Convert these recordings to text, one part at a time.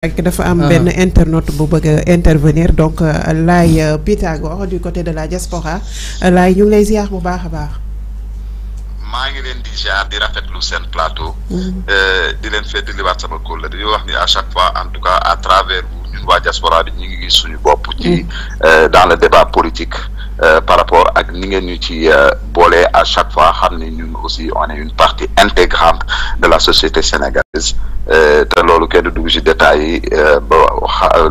ak dafa am ah. internaute bu bëgg intervenir donc euh, la euh, Pythagore du côté de la diaspora la ñu ngi lay ziar bu baax a baax. maa ngi leen di ziar di plateau. Mm-hmm. Euh, di leen féetliwaat sama kóol la di wax ni à chaque fois en tout cas à travers vous ñun diaspora bi ñu ngi gis suñu mm-hmm. dans le débat politique par rapport. ni ngeen ñu ci euh, boole à chaque fois xam ne ñun aussi on est une partie intégrante de la société sénégalaise euh, te loolu kenn du dugg ci détails yi euh, ba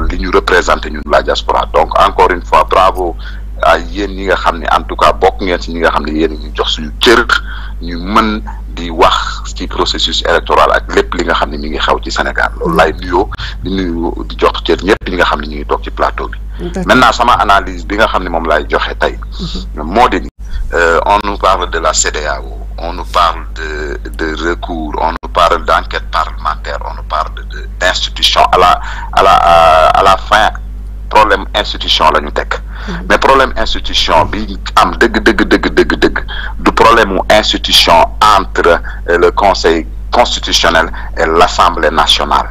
li ñu représenté ñun la diaspora donc encore une fois bravo à yéen ñi nga xam ne en tout cas bokk ngeen si ñi nga xam ne yéen ñu jox suñu cër ñu mën di wax ci processus électoral ak lépp li nga xam ne mi ngi xew ci Sénégal loolu laay nuyoo di nuyu di jox cër ñëpp ñi nga xam ne ñu ngi toog ci plateau bi. maintenant sama analyse mhm. euh, on nous parle de la CDAO, on nous parle de recours on nous parle d'enquête parlementaire on nous parle de d'institution à la fin problème institution mhm. mais problème institution bi am deug problème institution entre euh, le conseil constitutionnel et l'Assemblée nationale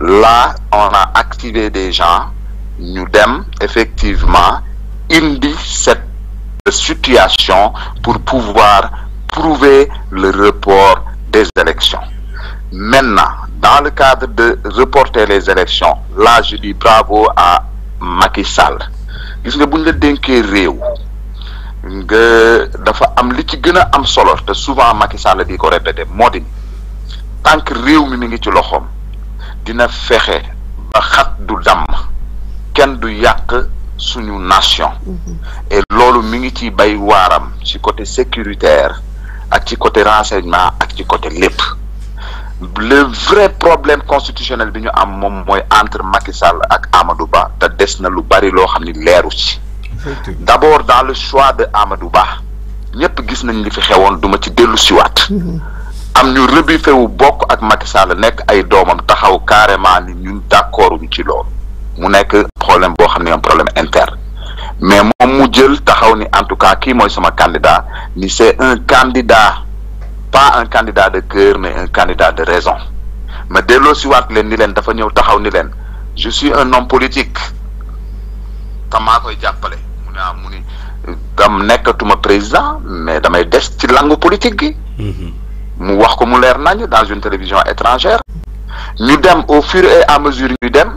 là on a activé des gens nous devons effectivement indiquer cette situation pour pouvoir prouver le report des élections. Maintenant, dans le cadre de reporter les élections, là je dis bravo à Macky Sall. gis nga bu que la dénkee réew nga dafa am li a am solo te souvent Macky Sall di ko que moo tant que Réou mi ngi ci loxoom dina fexe ba xat du dam kenn du yàq suñu nation mm-hmm. et loolu mi ngi ci bay waaram ci côté sécuritaire ak ci côté renseignement ak ci côté lépp le vrai problème constitutionnel bi ñu am moom mooy entre Macky Sall ak Amadou Ba te des na lu bari loo xam ni leeru ci d'abord dans le choix de Amadou Ba ñëpp gis nañ li fi xewoon duma ci dellu siwaat mm-hmm. am ñu rebuffé wu bokk ak Macky Sall nekk ay doomam taxaw carrément ni ñun d'accorduñ ci loolu mu nekk problème boo xam ne am problème interne mais moom mu jël taxaw ni en tout cas kii mooy sama candidat ni c'est un candidat pas un candidat de cœur mais un candidat de raison ma delloo si waat leen ni leen dafa ñëw taxaw ni leen je suis un homme politique te koy jàppale mu ne ah, mu ni dam nekkatuma président mais damay des ci langue politique gi mhm. mu wax ko mu leer nañu dans une télévision étrangère ñu dem au fur et à mesure ñu dem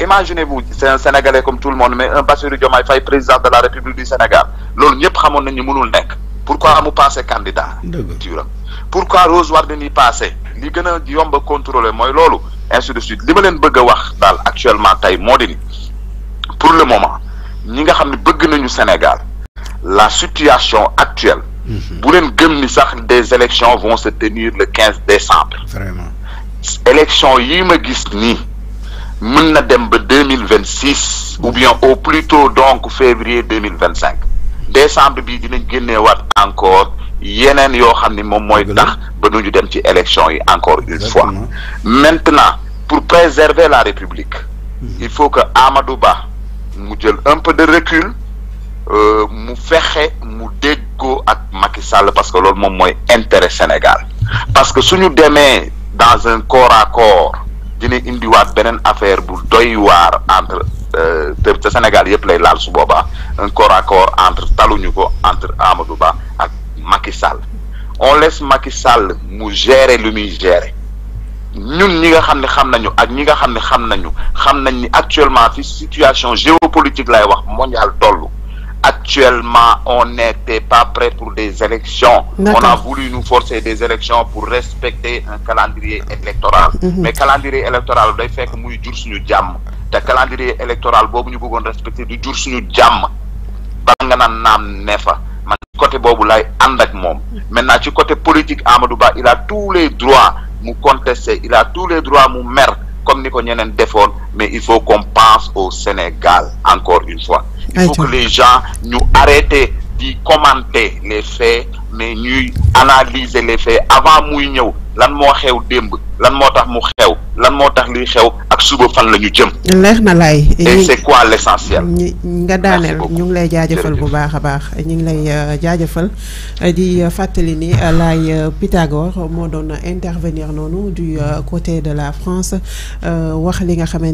imaginez-vous c'est un sénégalais comme tout le monde mais un de Diomaye Faye président de la République du Sénégal loolu ñëpp xamoon pas mënul nekk pourquoi pas passé candidat pourquoi Rose Wardini passé li gën a yomb a contrôler mooy loolu ainsi de suite li ma leen bëgg actuellement pour le moment ñi nga pas ne bëgg nañu Sénégal la situation actuelle mhm. bu leen gëm ni sax des élections vont se tenir le 15 décembre vraiment élections yi ma gis mën dem ba deux ou bien au plus tôt donc février 2025 mille décembre bi dinañ wat encore yenen yo xamni mom moy tax ba duñu dem ci élection yi encore une fois maintenant pour préserver la république mhm. il faut que Amadou Ba mu jël un peu de recul euh, mu fexé mu déggo ak Macky Sall parce que lool mom moy intérêt Sénégal parce que suñu démé dans un corps à corps dina indiwaat beneen affaire bu doy waar entre euh, te te Sénégal yëpp lay laal su boobaa un corps à corps entre taluñu ko entre Amadou Ba ak Macky Sall on laisse Macky Sall mu gérer lu muy gérer ñun ñi nga xam ne xam nañu ak ñi nga xam ne xam nañu xam nañ ni actuellement ci situation géopolitique lay wax mondial tollu actuellement, on n'était pas prêt pour des élections. On a voulu nous forcer des élections pour respecter un calendrier électoral. Mm -hmm. Mais calendrier électoral, il fait que nous jur jam. Le calendrier électoral, nous voulons respecter du jur suñu jam. man côté bobu lay andak mom. maintenant du côté politique Amadou il a tous les droits nous contester il a tous les droits nous mer mais il faut qu'on pense au Sénégal encore une fois il faut que les gens nous arrêtent De commenter les faits mais nous analyser les faits avant muy ñëw lan moo lan moo tax mu xew lan moo tax liy xew ak suba fan lañu jëm. leer na laay. et c'est quoi l'essentiel. nga daaneel ñu ngi lay jaajëfal bu baax a baax ñu ngi lay euh, jaajëfal euh, di euh, fàttali ni laay Pythagore moo doon intervenir noonu du côté de la France wax li nga xamante.